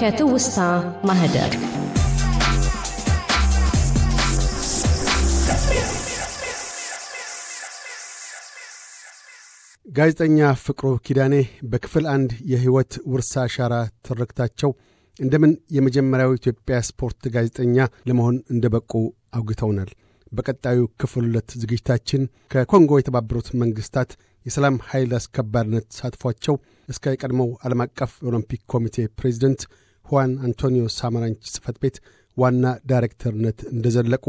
ከትውስታ ማህደር ጋዜጠኛ ፍቅሩ ኪዳኔ በክፍል አንድ የሕይወት ውርስ አሻራ ትርክታቸው እንደምን የመጀመሪያው ኢትዮጵያ ስፖርት ጋዜጠኛ ለመሆን እንደበቁ አውግተውናል። በቀጣዩ ክፍል ሁለት ዝግጅታችን ከኮንጎ የተባበሩት መንግስታት የሰላም ኃይል አስከባሪነት ተሳትፏቸው እስከ ቀድሞው ዓለም አቀፍ ኦሎምፒክ ኮሚቴ ፕሬዚደንት ሁዋን አንቶኒዮ ሳማራንች ጽፈት ቤት ዋና ዳይሬክተርነት እንደዘለቁ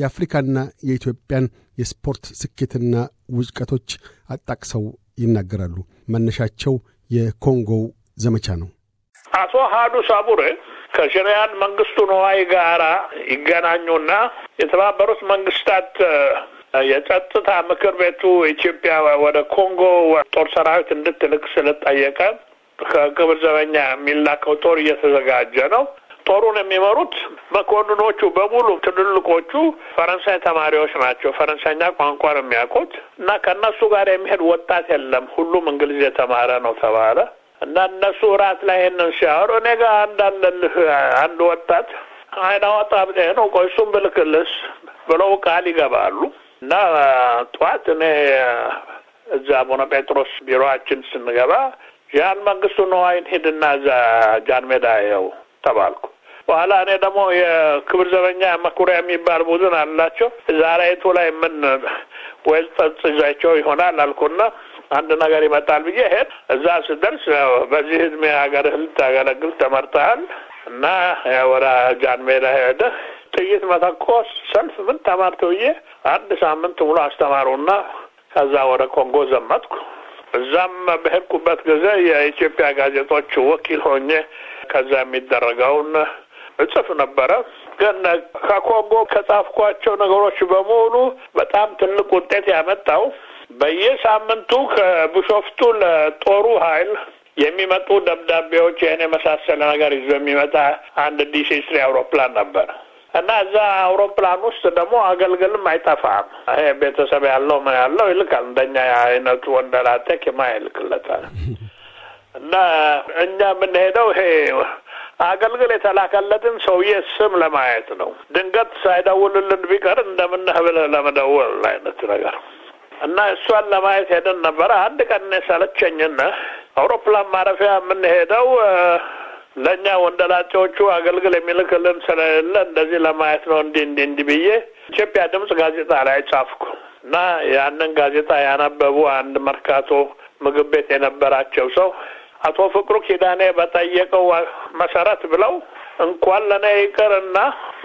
የአፍሪካና የኢትዮጵያን የስፖርት ስኬትና ውጭቀቶች አጣቅሰው ይናገራሉ። መነሻቸው የኮንጎው ዘመቻ ነው። አቶ ሀዱ ሳቡሬ ከጄኔራል መንግስቱ ነዋይ ጋራ ይገናኙና የተባበሩት መንግስታት የጸጥታ ምክር ቤቱ ኢትዮጵያ ወደ ኮንጎ ጦር ሰራዊት እንድትልክ ስለጠየቀ ከክብር ዘበኛ የሚላከው ጦር እየተዘጋጀ ነው። ጦሩን የሚመሩት መኮንኖቹ በሙሉ ትልልቆቹ ፈረንሳይ ተማሪዎች ናቸው። ፈረንሳይኛ ቋንቋ ነው የሚያውቁት እና ከእነሱ ጋር የሚሄድ ወጣት የለም። ሁሉም እንግሊዝ የተማረ ነው ተባለ እና እነሱ እራት ላይ ይህንን ሲያወሩ እኔ ጋር አንዳለልህ አንድ ወጣት አይናወጣ ነው ቆይ እሱም ብልክልስ ብለው ቃል ይገባሉ እና ጠዋት እኔ እዛ አቡነ ጴጥሮስ ቢሮአችን ስንገባ ያን መንግስቱ ነዋይን ሂድና እዛ ጃን ሜዳ ይኸው ተባልኩ። በኋላ እኔ ደግሞ የክብር ዘበኛ መኩሪያ የሚባል ቡድን አላቸው እዛ ላይቱ ላይ ምን ወይዝ ጠጽዛቸው ይሆናል አልኩና አንድ ነገር ይመጣል ብዬ ሄድ እዛ ስደርስ በዚህ እድሜ ሀገርህ ልታገለግል ተመርጠሃል እና ወደ ጃን ሜዳ ሄደ ጥይት መተኮስ ሰልፍ ምን ተማርተው ብዬ አንድ ሳምንት ሙሉ አስተማሩና ከዛ ወደ ኮንጎ ዘመትኩ። እዛም በሄድኩበት ጊዜ የኢትዮጵያ ጋዜጦች ወኪል ሆኜ ከዛ የሚደረገውን እጽፍ ነበረ። ግን ከኮንጎ ከጻፍኳቸው ነገሮች በሙሉ በጣም ትልቅ ውጤት ያመጣው በየሳምንቱ ከብሾፍቱ ለጦሩ ኃይል የሚመጡ ደብዳቤዎች፣ ይህን የመሳሰለ ነገር ይዞ የሚመጣ አንድ ዲሲ ስሪ አውሮፕላን ነበር። እና እዛ አውሮፕላን ውስጥ ደግሞ አገልግልም አይጠፋም። ይሄ ቤተሰብ ያለው ምን ያለው ይልካል። እንደኛ አይነቱ ወንደላጤ ኪማ ይልክለታል። እና እኛ የምንሄደው ይሄ አገልግል የተላከለትን ሰውዬ ስም ለማየት ነው። ድንገት ሳይደውልልን ቢቀር እንደምነህ ብለህ ለመደወል አይነት ነገር እና እሷን ለማየት ሄደን ነበረ። አንድ ቀን ሰለቸኝና አውሮፕላን ማረፊያ የምንሄደው ለእኛ ወንደላጤዎቹ አገልግል የሚልክልን ስለሌለ እንደዚህ ለማየት ነው እንዲህ እንዲህ እንዲህ ብዬ ኢትዮጵያ ድምፅ ጋዜጣ ላይ ጻፍኩ እና ያንን ጋዜጣ ያነበቡ አንድ መርካቶ ምግብ ቤት የነበራቸው ሰው አቶ ፍቅሩ ኪዳኔ በጠየቀው መሰረት ብለው እንኳን ለእኔ ይቅርና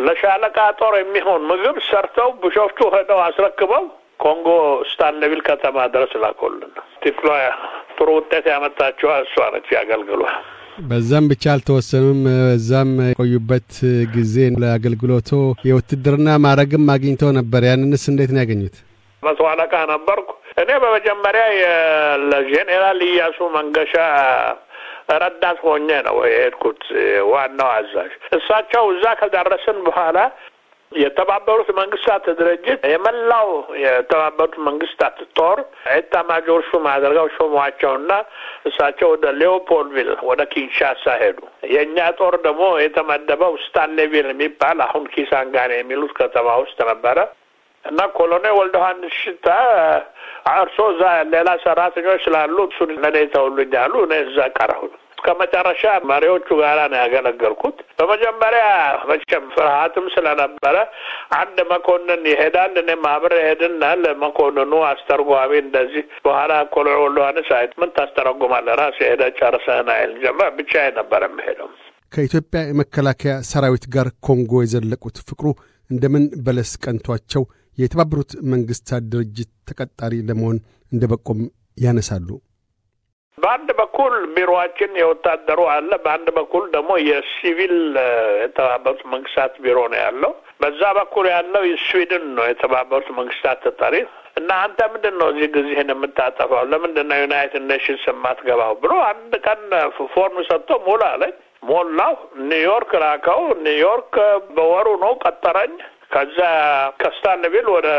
ለሻለቃ ጦር የሚሆን ምግብ ሰርተው ብሾፍቱ ሄደው አስረክበው ኮንጎ ስታንቪል ከተማ ድረስ ላኮልን። ቲክሎ ጥሩ ውጤት ያመጣችዋ እሷ ነች። ያገልግሏል በዛም ብቻ አልተወሰኑም። እዛም የቆዩበት ጊዜ ለአገልግሎቶ የውትድርና ማዕረግም አግኝተው ነበር። ያንንስ እንዴት ነው ያገኙት? መቶ አለቃ ነበርኩ እኔ። በመጀመሪያ የለጄኔራል እያሱ መንገሻ ረዳት ሆኜ ነው የሄድኩት፣ ዋናው አዛዥ። እሳቸው እዛ ከደረስን በኋላ የተባበሩት መንግስታት ድርጅት የመላው የተባበሩት መንግስታት ጦር ኤታማጆር ሹም አድርገው ሾሟቸውና እሳቸው ወደ ሌኦፖልቪል ወደ ኪንሻሳ ሄዱ። የእኛ ጦር ደግሞ የተመደበው ስታንሌቪል የሚባል አሁን ኪሳንጋን የሚሉት ከተማ ውስጥ ነበረ እና ኮሎኔል ወልደ ሽታ እርሶ እዛ ሌላ ሰራተኞች ስላሉ እሱን ለእኔ ተውሉኝ አሉ። እኔ እዛ ቀረሁኝ። እስከ መጨረሻ መሪዎቹ ጋራ ነው ያገለገልኩት። በመጀመሪያ መቼም ፍርሃትም ስለነበረ አንድ መኮንን ይሄዳል። እኔም አብሬ ሄድና ለመኮንኑ አስተርጓሚ እንደዚህ በኋላ ኮልዑ ወልደሃንስ ሳይት ምን ታስተረጉማለህ? ራስህ ሄደህ ጨርሰህን አይል ጀመር። ብቻዬን ነበር የምሄደው። ከኢትዮጵያ የመከላከያ ሰራዊት ጋር ኮንጎ የዘለቁት ፍቅሩ እንደምን በለስ ቀንቷቸው የተባበሩት መንግስታት ድርጅት ተቀጣሪ ለመሆን እንደ በቆም ያነሳሉ። በአንድ በኩል ቢሮዋችን የወታደሩ አለ፣ በአንድ በኩል ደግሞ የሲቪል የተባበሩት መንግስታት ቢሮ ነው ያለው። በዛ በኩል ያለው የስዊድን ነው የተባበሩት መንግስታት ተጠሪ እና አንተ ምንድን ነው እዚህ ጊዜህን የምታጠፋው? ለምንድን ነው ዩናይትድ ኔሽንስ የማትገባው ብሎ አንድ ቀን ፎርም ሰጥቶ ሙሉ አለኝ። ሞላሁ። ኒውዮርክ ላከው። ኒውዮርክ በወሩ ነው ቀጠረኝ። ከዛ ከስታንቪል ወደ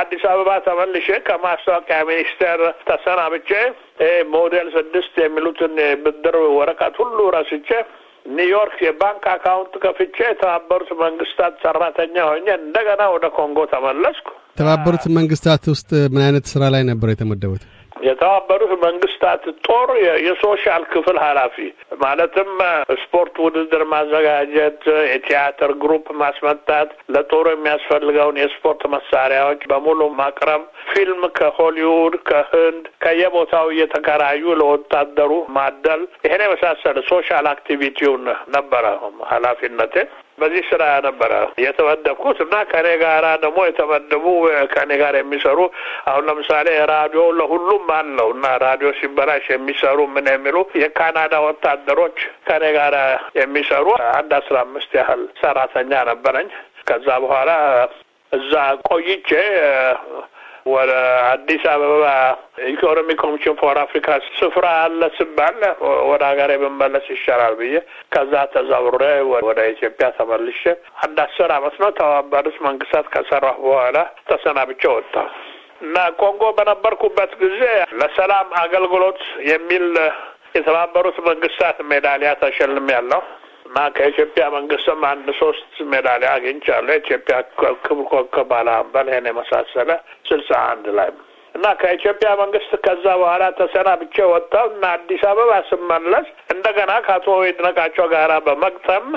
አዲስ አበባ ተመልሼ ከማስታወቂያ ሚኒስቴር ተሰናብቼ ሞዴል ስድስት የሚሉትን ብድር ወረቀት ሁሉ ረስቼ ኒውዮርክ የባንክ አካውንት ከፍቼ የተባበሩት መንግስታት ሰራተኛ ሆኜ እንደገና ወደ ኮንጎ ተመለስኩ። የተባበሩት መንግስታት ውስጥ ምን አይነት ስራ ላይ ነበር የተመደቡት? የተባበሩት መንግስታት ጦር የሶሻል ክፍል ኃላፊ ማለትም ስፖርት ውድድር ማዘጋጀት፣ የቲያትር ግሩፕ ማስመጣት፣ ለጦሩ የሚያስፈልገውን የስፖርት መሳሪያዎች በሙሉ ማቅረብ፣ ፊልም ከሆሊውድ ከህንድ ከየቦታው እየተከራዩ ለወታደሩ ማደል፣ ይሄን የመሳሰለ ሶሻል አክቲቪቲውን ነበረ ኃላፊነቴ። በዚህ ስራ ነበረ የተመደብኩት እና ከኔ ጋራ ደግሞ የተመደቡ ከኔ ጋር የሚሰሩ አሁን ለምሳሌ ራዲዮ ለሁሉም አለው እና ራዲዮ ሲበላሽ የሚሰሩ ምን የሚሉ የካናዳ ወታደሮች ከኔ ጋር የሚሰሩ አንድ አስራ አምስት ያህል ሰራተኛ ነበረኝ። ከዛ በኋላ እዛ ቆይቼ ወደ አዲስ አበባ ኢኮኖሚ ኮሚሽን ፎር አፍሪካ ስፍራ አለ ስባል ወደ ሀገሬ ብመለስ ይሻላል ብዬ ከዛ ተዛውሬ ወደ ኢትዮጵያ ተመልሼ አንድ አስር አመት ነው ተባበሩት መንግስታት ከሰራሁ በኋላ ተሰናብቼ ወጣሁ እና ኮንጎ በነበርኩበት ጊዜ ለሰላም አገልግሎት የሚል የተባበሩት መንግስታት ሜዳሊያ ተሸልም ያለው። እና ከኢትዮጵያ መንግስትም አንድ ሶስት ሜዳሊያ አግኝቻለሁ። ኢትዮጵያ ክብር ኮከብ ባለአምበል ይሄን የመሳሰለ ስልሳ አንድ ላይ እና ከኢትዮጵያ መንግስት ከዛ በኋላ ተሰናብቼ ወጣሁ እና አዲስ አበባ ስመለስ እንደገና ከአቶ ይድነቃቸው ጋራ በመግጠም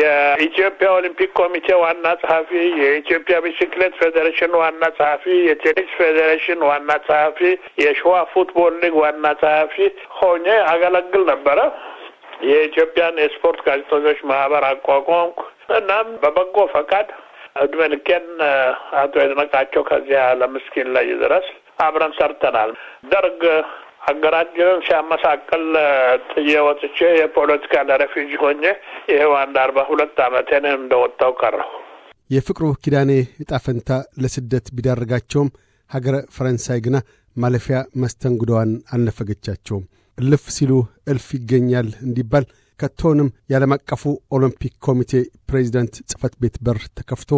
የኢትዮጵያ ኦሊምፒክ ኮሚቴ ዋና ጸሐፊ፣ የኢትዮጵያ ቢስክሌት ፌዴሬሽን ዋና ጸሐፊ፣ የቴኒስ ፌዴሬሽን ዋና ጸሐፊ፣ የሸዋ ፉትቦል ሊግ ዋና ጸሐፊ ሆኜ አገለግል ነበረ። የኢትዮጵያን የስፖርት ጋዜጠኞች ማህበር አቋቋምኩ። እናም በበጎ ፈቃድ እድሜ ልኬን አቶ የድነቃቸው ከዚያ ለምስኪን ላይ ድረስ አብረን ሰርተናል። ደርግ አገራችንን ሲያመሳቅል ጥዬ ወጥቼ የፖለቲካል ረፊጅ ሆኜ ይኸው አንድ አርባ ሁለት አመቴን እንደወጣው ቀረሁ። የፍቅሩ ኪዳኔ ዕጣ ፈንታ ለስደት ቢዳርጋቸውም ሀገረ ፈረንሳይ ግና ማለፊያ መስተንግዶዋን አልነፈገቻቸውም። እልፍ ሲሉ እልፍ ይገኛል እንዲባል ከቶንም የዓለም አቀፉ ኦሎምፒክ ኮሚቴ ፕሬዚዳንት ጽፈት ቤት በር ተከፍቶ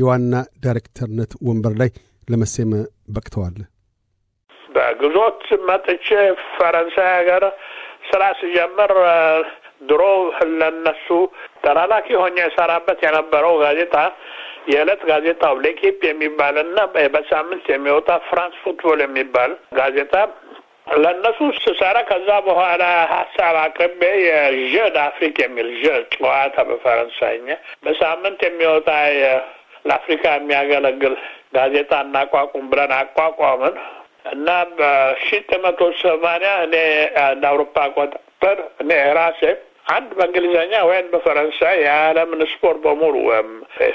የዋና ዳይሬክተርነት ወንበር ላይ ለመሴም በቅተዋል። በግዞት መጥቼ ፈረንሳይ ሀገር ስራ ሲጀምር ድሮ ለነሱ ተላላኪ ሆኜ የሰራበት የነበረው ጋዜጣ የዕለት ጋዜጣው ሌኪፕ የሚባልና በሳምንት የሚወጣ ፍራንስ ፉትቦል የሚባል ጋዜጣ ለእነሱ ስሰራ ከዛ በኋላ ሀሳብ አቅርቤ የጀድ አፍሪክ የሚል ዥ ጨዋታ በፈረንሳይኛ በሳምንት የሚወጣ ለአፍሪካ የሚያገለግል ጋዜጣ እናቋቁም ብለን አቋቋምን እና በሺ ዘጠኝ መቶ ሰማንያ እኔ እንደ አውሮፓ አቆጣጠር እኔ ራሴ አንድ በእንግሊዝኛ ወይም በፈረንሳይ የዓለምን ስፖርት በሙሉ ወይም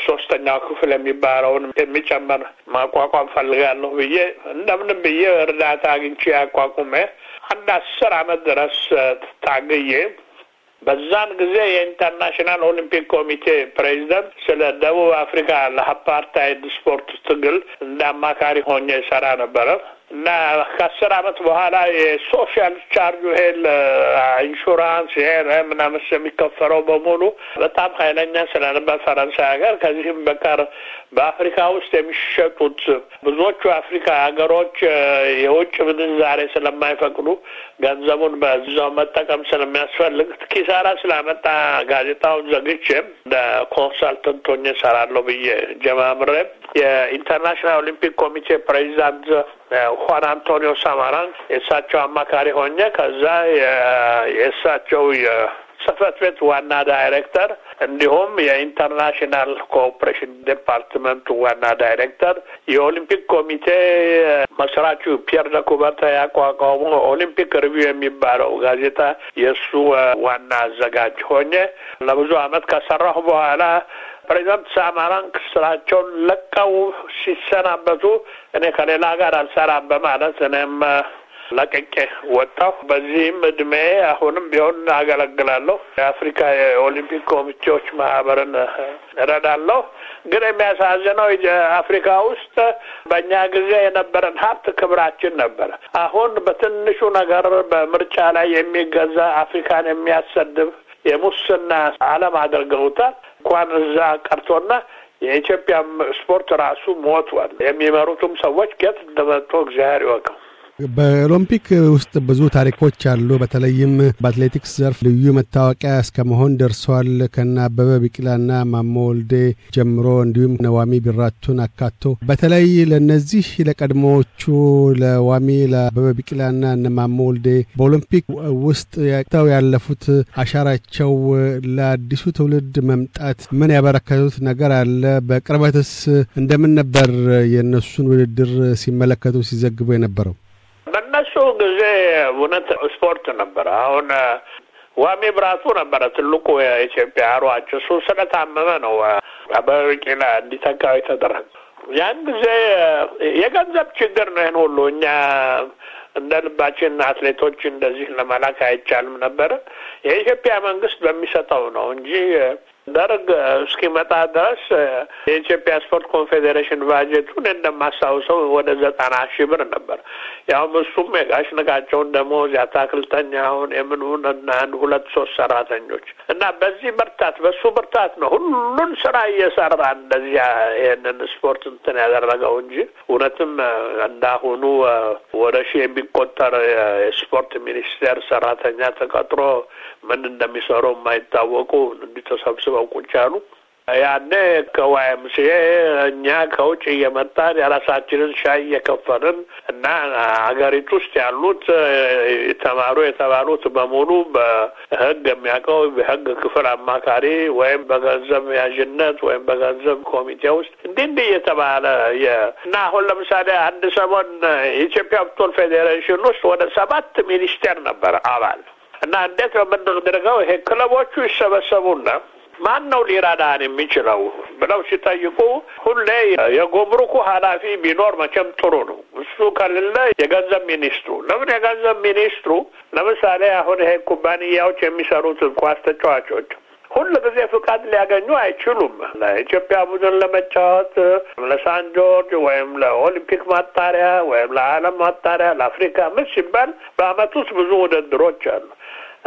ሶስተኛው ክፍል የሚባለውን የሚጨምር ማቋቋም ፈልጋለሁ ብዬ እንደምንም ብዬ እርዳታ አግኝቼ ያቋቁሜ አንድ አስር አመት ድረስ ታግዬ በዛን ጊዜ የኢንተርናሽናል ኦሊምፒክ ኮሚቴ ፕሬዚደንት ስለ ደቡብ አፍሪካ ለአፓርታይድ ስፖርት ትግል እንደ አማካሪ ሆኜ ይሰራ ነበረ። እና ከአስር አመት በኋላ የሶሻል ቻርጅ ይሄ ኢንሹራንስ ይሄ ምናምን የሚከፈረው በሙሉ በጣም ኃይለኛ ስለነበር ፈረንሳይ ሀገር ከዚህም በቀር በአፍሪካ ውስጥ የሚሸጡት ብዙዎቹ አፍሪካ ሀገሮች የውጭ ምንዛሬ ስለማይፈቅዱ ገንዘቡን በዛው መጠቀም ስለሚያስፈልግ ኪሳራ ስላመጣ ጋዜጣውን ዘግቼም እንደ ሰራለሁ ብዬ ጀማምሬ የኢንተርናሽናል ኦሊምፒክ ኮሚቴ ፕሬዚዳንት ሁዋን አንቶኒዮ ሳማራን የእሳቸው አማካሪ ሆኜ ከዛ የእሳቸው የጽህፈት ቤት ዋና ዳይሬክተር እንዲሁም የኢንተርናሽናል ኮኦፕሬሽን ዲፓርትመንቱ ዋና ዳይሬክተር የኦሊምፒክ ኮሚቴ መስራቹ ፒየር ደ ኩበርታ ኦሊምፒክ ሪቪው የሚባለው ጋዜጣ የእሱ ዋና አዘጋጅ ሆኜ ለብዙ አመት ከሰራሁ በኋላ ፕሬዚደንት ሳማራንክ ስራቸውን ለቀው ሲሰናበቱ እኔ ከሌላ ጋር አልሰራም በማለት እኔም ለቅቄ ወጣሁ። በዚህም እድሜ አሁንም ቢሆን አገለግላለሁ። የአፍሪካ የኦሊምፒክ ኮሚቴዎች ማህበርን እረዳለሁ። ግን የሚያሳዝነው አፍሪካ ውስጥ በእኛ ጊዜ የነበረን ሀብት ክብራችን ነበረ። አሁን በትንሹ ነገር በምርጫ ላይ የሚገዛ አፍሪካን የሚያሰድብ የሙስና ዓለም አድርገውታል። እንኳን እዛ ቀርቶና የኢትዮጵያ ስፖርት ራሱ ሞቷል። የሚመሩትም ሰዎች ጌት እንደመጡ እግዚአብሔር ይወቀው። በኦሎምፒክ ውስጥ ብዙ ታሪኮች አሉ። በተለይም በአትሌቲክስ ዘርፍ ልዩ መታወቂያ እስከ መሆን ደርሰዋል። ከነ አበበ ቢቂላና ማሞ ወልዴ ጀምሮ እንዲሁም ነዋሚ ቢራቱን አካቶ በተለይ ለነዚህ ለቀድሞዎቹ ለዋሚ ለአበበ ቢቂላና እነ ማሞ ወልዴ በኦሎምፒክ ውስጥ ያቅተው ያለፉት አሻራቸው ለአዲሱ ትውልድ መምጣት ምን ያበረከቱት ነገር አለ? በቅርበትስ እንደምን ነበር የእነሱን ውድድር ሲመለከቱ ሲዘግቡ የነበረው? ጊዜ እውነት ስፖርት ነበረ። አሁን ዋሜ ብራቱ ነበረ ትልቁ የኢትዮጵያ ሯጭ። እሱ ስለታመመ ነው በቂላ እንዲተካው የተደረገ። ያን ጊዜ የገንዘብ ችግር ነው። ይህን ሁሉ እኛ እንደ ልባችን አትሌቶች እንደዚህ ለመላክ አይቻልም ነበረ። የኢትዮጵያ መንግስት በሚሰጠው ነው እንጂ ደርግ መጣ ድረስ የኢትዮጵያ ስፖርት ኮንፌዴሬሽን ባጀቱን እንደማስታውሰው ወደ ዘጠና ሺህ ብር ነበር። ያውም እሱም የጋሽ ንቃቸውን ደሞዝ ያታክልተኛውን የምንሁን እና አንድ ሁለት ሶስት ሰራተኞች እና በዚህ ብርታት በሱ ብርታት ነው ሁሉን ስራ እየሰራ እንደዚያ ይህንን ስፖርት እንትን ያደረገው እንጂ እውነትም እንዳሁኑ ወደ ሺህ የሚቆጠር የስፖርት ሚኒስቴር ሰራተኛ ተቀጥሮ ምን እንደሚሰሩ የማይታወቁ እንዲህ ሊበቁች አሉ። ያኔ ከዋይምሲኤ እኛ ከውጭ እየመጣን የራሳችንን ሻይ እየከፈልን እና ሀገሪቱ ውስጥ ያሉት ተማሩ የተባሉት በሙሉ በህግ የሚያውቀው በህግ ክፍል አማካሪ ወይም በገንዘብ ያዥነት ወይም በገንዘብ ኮሚቴ ውስጥ እንዲህ እንዲህ እየተባለ እና አሁን ለምሳሌ አንድ ሰሞን የኢትዮጵያ ፉትቦል ፌዴሬሽን ውስጥ ወደ ሰባት ሚኒስቴር ነበር አባል እና እንዴት ነው የምናደርገው? ይሄ ክለቦቹ ይሰበሰቡና ማን ነው ሊረዳን የሚችለው ብለው ሲጠይቁ ሁሌ የጉምሩኩ ኃላፊ ቢኖር መቼም ጥሩ ነው። እሱ ከሌለ የገንዘብ ሚኒስትሩ። ለምን የገንዘብ ሚኒስትሩ ለምሳሌ አሁን ይሄ ኩባንያዎች የሚሰሩት ኳስ ተጫዋቾች ሁሉ ጊዜ ፍቃድ ሊያገኙ አይችሉም። ለኢትዮጵያ ቡድን ለመጫወት ለሳን ጆርጅ ወይም ለኦሊምፒክ ማጣሪያ ወይም ለዓለም ማጣሪያ ለአፍሪካ ምን ሲባል በአመት ውስጥ ብዙ ውድድሮች አሉ።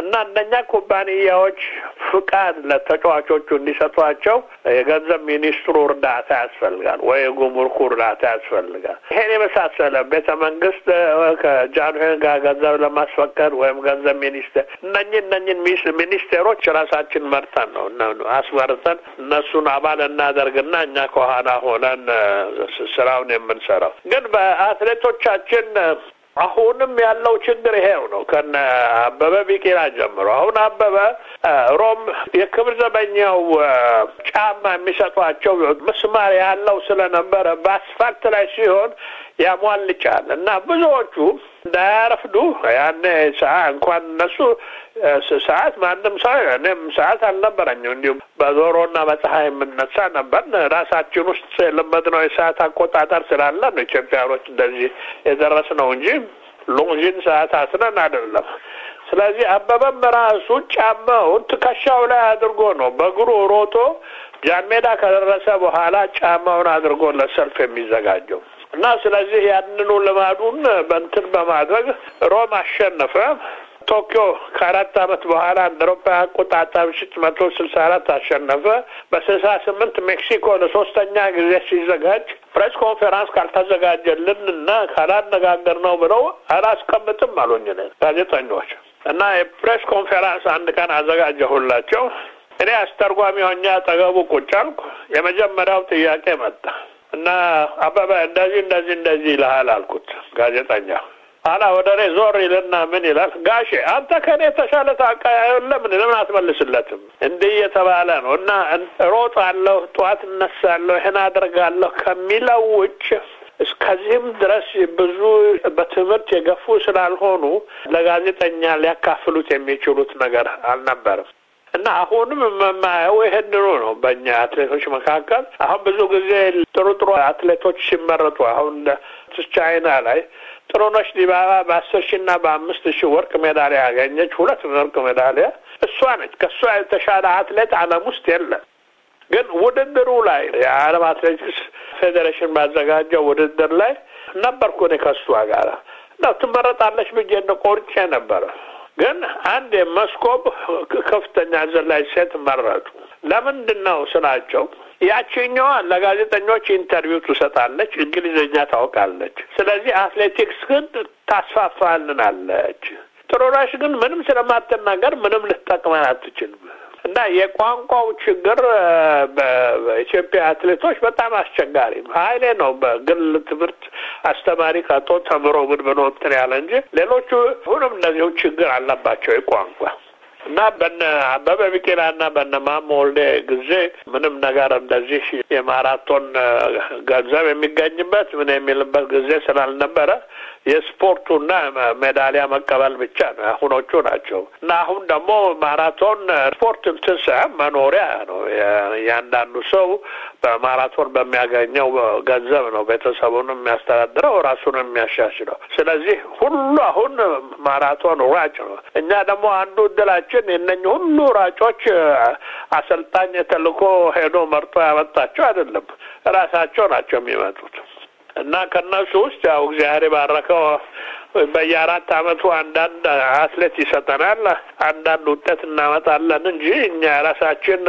እና እነኛ ኩባንያዎች ፍቃድ ለተጫዋቾቹ እንዲሰጧቸው የገንዘብ ሚኒስትሩ እርዳታ ያስፈልጋል ወይ የጉምሩኩ እርዳታ ያስፈልጋል። ይሄን የመሳሰለ ቤተ መንግስት ከጃንሆይ ጋር ገንዘብ ለማስፈቀድ ወይም ገንዘብ ሚኒስቴር እነኝን እነኝን ሚኒስቴሮች ራሳችን መርተን ነው አስመርተን እነሱን አባል እናደርግና እኛ ከኋላ ሆነን ስራውን የምንሰራው ግን በአትሌቶቻችን አሁንም ያለው ችግር ይሄው ነው። ከነ አበበ ቢቂላ ጀምሮ አሁን አበበ ሮም የክብር ዘበኛው ጫማ የሚሰጧቸው ምስማር ያለው ስለነበረ በአስፋልት ላይ ሲሆን ያሟልጫል እና ብዙዎቹ እንዳያረፍዱ ያን ሰዓ እንኳን እነሱ ሰዓት ማንም ሰው እኔም ሰዓት አልነበረኝም። እንዲሁም በዞሮና በፀሐይ የምነሳ ነበር። ራሳችን ውስጥ የለመድነው የሰዓት አቆጣጠር ስላለ ነው ኢትዮጵያኖች እንደዚህ የደረስነው እንጂ ሉንዥን ሰዓት አስነን አይደለም። ስለዚህ አበበም ራሱ ጫማውን ትከሻው ላይ አድርጎ ነው በእግሩ ሮጦ ጃንሜዳ ከደረሰ በኋላ ጫማውን አድርጎ ለሰልፍ የሚዘጋጀው። እና ስለዚህ ያንኑ ልማዱን በንትን በማድረግ ሮም አሸነፈ። ቶኪዮ ከአራት አመት በኋላ እንደ አውሮፓ አቆጣጠር ሺህ መቶ ስልሳ አራት አሸነፈ። በስልሳ ስምንት ሜክሲኮ ለሶስተኛ ጊዜ ሲዘጋጅ ፕሬስ ኮንፌራንስ ካልተዘጋጀልን እና ካላነጋገር ነው ብለው አላስቀምጥም አሉኝ ጋዜጠኞች እና የፕሬስ ኮንፌራንስ አንድ ቀን አዘጋጀሁላቸው። እኔ አስተርጓሚ ሆኜ አጠገቡ ቁጭ አልኩ። የመጀመሪያው ጥያቄ መጣ። እና አባባ እንደዚህ እንደዚህ እንደዚህ ይልሃል አልኩት ጋዜጠኛ አላ ወደ እኔ ዞር ይልና ምን ይላል? ጋሼ አንተ ከእኔ የተሻለ ታውቃለህ፣ ለምን ለምን አትመልስለትም? እንዲህ እየተባለ ነው እና እሮጣለሁ፣ ጠዋት እነሳለሁ፣ ይህን አድርጋለሁ ከሚለው ውጭ እስከዚህም ድረስ ብዙ በትምህርት የገፉ ስላልሆኑ ለጋዜጠኛ ሊያካፍሉት የሚችሉት ነገር አልነበርም። እና አሁንም የማየው ይሄንኑ ነው። በእኛ አትሌቶች መካከል አሁን ብዙ ጊዜ ጥሩ ጥሩ አትሌቶች ሲመረጡ አሁን ቻይና ላይ ጥሩነሽ ዲባባ በአስር ሺ እና በአምስት ሺ ወርቅ ሜዳሊያ ያገኘች ሁለት ወርቅ ሜዳሊያ እሷ ነች። ከእሷ የተሻለ አትሌት ዓለም ውስጥ የለም። ግን ውድድሩ ላይ የዓለም አትሌቲክስ ፌዴሬሽን ባዘጋጀው ውድድር ላይ ነበርኩ እኔ ከእሷ ጋር እና ትመረጣለች ብዬ ቆርጬ ነበረ ግን አንድ መስኮብ ከፍተኛ ዘላይ ሴት መረጡ። ለምንድን ነው ስላቸው፣ ያችኛዋ ለጋዜጠኞች ኢንተርቪው ትሰጣለች፣ እንግሊዝኛ ታውቃለች። ስለዚህ አትሌቲክስ ግን ታስፋፋልናለች። ጥሩነሽ ግን ምንም ስለማትናገር ምንም ልትጠቅመን አትችልም። እና የቋንቋው ችግር በኢትዮጵያ አትሌቶች በጣም አስቸጋሪ ነው። ሀይሌ ነው በግል ትምህርት አስተማሪ ከቶ ተምሮ ምን ብሎ እንትን ያለ እንጂ ሌሎቹ ሁሉም እንደዚሁ ችግር አለባቸው የቋንቋ እና በነ አበበ ቢቂላና በነ ማሞ ወልዴ ጊዜ ምንም ነገር እንደዚህ የማራቶን ገንዘብ የሚገኝበት ምን የሚልበት ጊዜ ስላልነበረ የስፖርቱና ሜዳሊያ መቀበል ብቻ ነው አሁኖቹ ናቸው። እና አሁን ደግሞ ማራቶን ስፖርት እንትን ሳይሆን መኖሪያ ነው። እያንዳንዱ ሰው በማራቶን በሚያገኘው ገንዘብ ነው ቤተሰቡን የሚያስተዳድረው፣ ራሱን የሚያሻሽለው። ስለዚህ ሁሉ አሁን ማራቶን ሯጭ ነው። እኛ ደግሞ አንዱ እድላችን ሀገራችን የእነኝ ሁሉ ሯጮች አሰልጣኝ ተልኮ ሄዶ መርጦ ያመጣቸው አይደለም፣ ራሳቸው ናቸው የሚመጡት እና ከእነሱ ውስጥ ያው እግዚአብሔር ባረከው በየአራት አመቱ አንዳንድ አትሌት ይሰጠናል፣ አንዳንድ ውጤት እናመጣለን እንጂ እኛ ራሳችን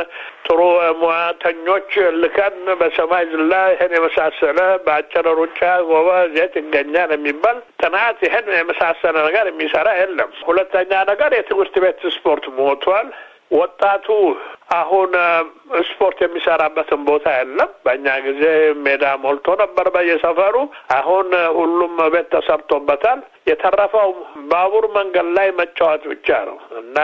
ጥሩ ሙያተኞች ልከን በሰማይ ዝላ ይህን የመሳሰለ በአጭር ሩጫ ጎበዝ የት ይገኛል የሚባል ጥናት ይህን የመሳሰለ ነገር የሚሰራ የለም። ሁለተኛ ነገር የትምህርት ቤት ስፖርት ሞቷል። ወጣቱ አሁን ስፖርት የሚሰራበትን ቦታ የለም። በእኛ ጊዜ ሜዳ ሞልቶ ነበር በየሰፈሩ። አሁን ሁሉም ቤት ተሰርቶበታል። የተረፈው ባቡር መንገድ ላይ መጫወት ብቻ ነው እና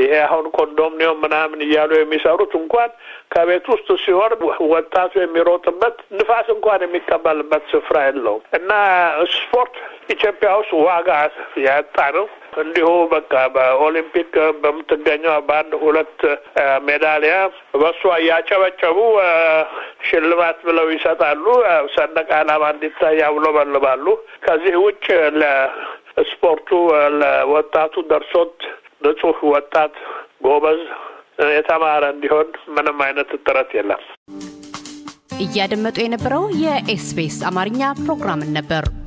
ይሄ አሁን ኮንዶሚኒየም ምናምን እያሉ የሚሰሩት እንኳን ከቤት ውስጥ ሲሆን ወጣቱ የሚሮጥበት ንፋስ እንኳን የሚቀበልበት ስፍራ የለውም እና ስፖርት ኢትዮጵያ ውስጥ ዋጋ ያጣ ነው። እንዲሁ በቃ በኦሊምፒክ በምትገኘው በአንድ ሁለት ሜዳሊያ በእሷ እያጨበጨቡ ሽልማት ብለው ይሰጣሉ። ሰንደቅ ዓላማ እንዲታይ ያውለበልባሉ። ከዚህ ውጭ ለስፖርቱ ለወጣቱ ደርሶት ንጹህ ወጣት ጎበዝ የተማረ እንዲሆን ምንም አይነት ጥረት የለም። እያደመጡ የነበረው የኤስቢኤስ አማርኛ ፕሮግራምን ነበር።